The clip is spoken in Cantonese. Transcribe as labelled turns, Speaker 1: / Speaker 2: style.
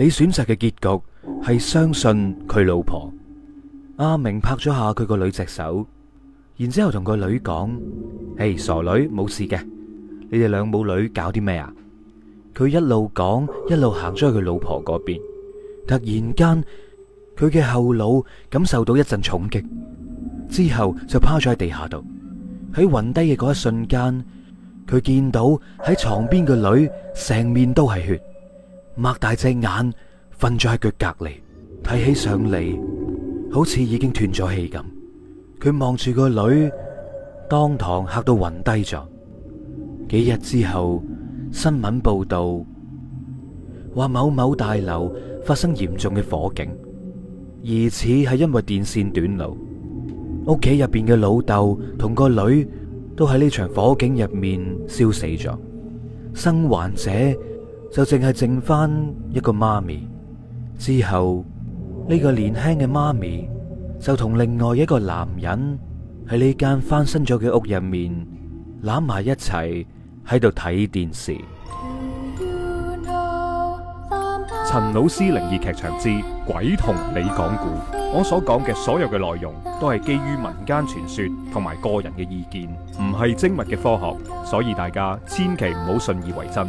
Speaker 1: 你選擇嘅結局係相信佢老婆。阿明拍咗下佢個女隻手，然之後同個女講：誒，傻女，冇事嘅。你哋兩母女搞啲咩啊？佢一路講，一路行咗去佢老婆嗰邊。突然間，佢嘅後腦感受到一陣重擊，之後就趴咗喺地下度。喺暈低嘅嗰一瞬間，佢見到喺床邊嘅女成面都係血。擘大隻眼瞓咗喺腳隔籬，睇起上嚟好似已經斷咗氣咁。佢望住個女，當堂嚇到暈低咗。幾日之後，新聞報道話某某大樓發生嚴重嘅火警，疑似係因為電線短路。屋企入邊嘅老豆同個女都喺呢場火警入面燒死咗，生還者就淨係剩翻一個媽咪之後，呢、這個年輕嘅媽咪就同另外一個男人喺呢間翻新咗嘅屋入面
Speaker 2: 攬埋一齊喺度睇電視。陳老師靈異劇場之鬼同你講故，我所講嘅所有嘅內容都係基於民間傳說同埋個人嘅意見，唔係精密嘅科學，所以大家千祈唔好信以為真。